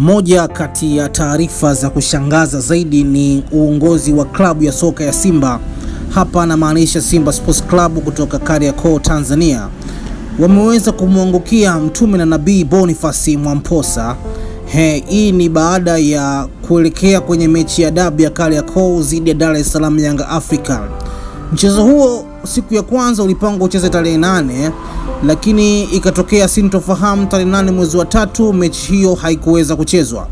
Moja kati ya taarifa za kushangaza zaidi ni uongozi wa klabu ya soka ya Simba, hapa maanisha Simba Sports Club kutoka Kariakoo, Tanzania, wameweza kumwangukia Mtume na Nabii Boniface Mwamposa. He, hii ni baada ya kuelekea kwenye mechi ya dabi ya Kariakoo dhidi ya Dar es Salaam Yanga Africa. Mchezo huo siku ya kwanza ulipangwa ucheze tarehe nane lakini ikatokea sintofahamu tarehe nane mwezi wa tatu mechi hiyo haikuweza kuchezwa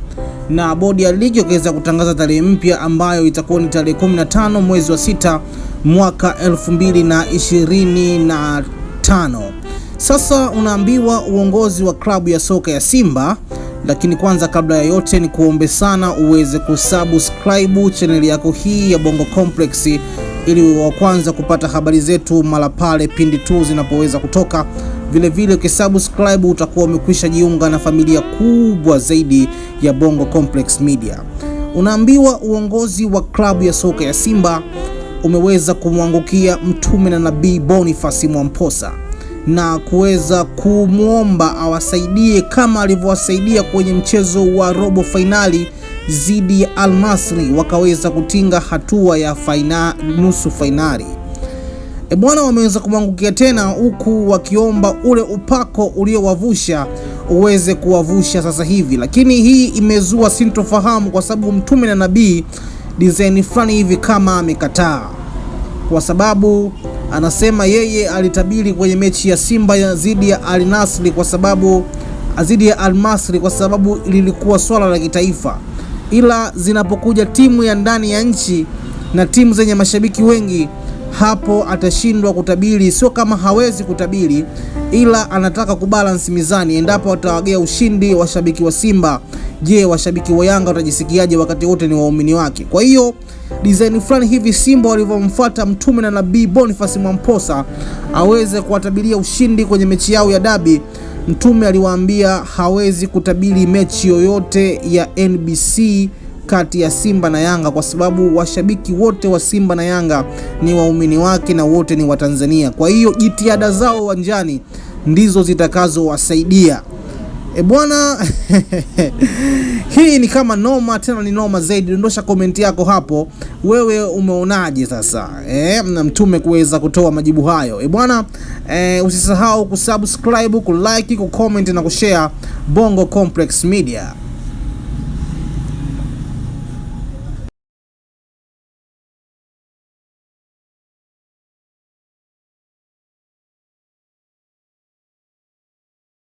na bodi ya ligi ikaweza kutangaza tarehe mpya ambayo itakuwa ni tarehe 15 mwezi wa sita mwaka 2025. Sasa unaambiwa uongozi wa klabu ya soka ya Simba, lakini kwanza kabla ya yote ni kuombe sana uweze kusubscribe chaneli yako hii ya Bongo Complex ili wa kwanza kupata habari zetu mara pale pindi tu zinapoweza kutoka. Vilevile ukisubscribe utakuwa umekwisha jiunga na familia kubwa zaidi ya Bongo Complex Media. Unaambiwa uongozi wa klabu ya soka ya Simba umeweza kumwangukia mtume na nabii Boniface Mwamposa na kuweza kumwomba awasaidie kama alivyowasaidia kwenye mchezo wa robo fainali dhidi ya Al Masry wakaweza kutinga hatua ya faina, nusu fainali. E bwana, wameweza kumwangukia tena, huku wakiomba ule upako uliowavusha uweze kuwavusha sasa hivi, lakini hii imezua sintofahamu kwa sababu mtume na nabii design fulani hivi kama amekataa, kwa sababu anasema yeye alitabiri kwenye mechi ya Simba dhidi ya Al Nasri kwa sababu dhidi ya Al Masry kwa sababu lilikuwa swala la kitaifa ila zinapokuja timu ya ndani ya nchi na timu zenye mashabiki wengi, hapo atashindwa kutabiri. Sio kama hawezi kutabiri, ila anataka kubalansi mizani. Endapo watawagea ushindi washabiki wa Simba, je, washabiki wa Yanga watajisikiaje? Wakati wote ni waumini wake. Kwa hiyo design fulani hivi Simba walivyomfuata Mtume na Nabii Boniface Mwamposa aweze kuwatabiria ushindi kwenye mechi yao ya dabi Mtume aliwaambia hawezi kutabiri mechi yoyote ya NBC kati ya Simba na Yanga kwa sababu washabiki wote wa Simba na Yanga ni waumini wake na wote ni Watanzania. Kwa hiyo jitihada zao uwanjani ndizo zitakazowasaidia E bwana hii ni kama noma tena ni noma zaidi. Dondosha komenti yako hapo, wewe umeonaje sasa e, na mtume kuweza kutoa majibu hayo e bwana e, usisahau kusubscribe, kulike, kucomment na kushare Bongo Complex Media.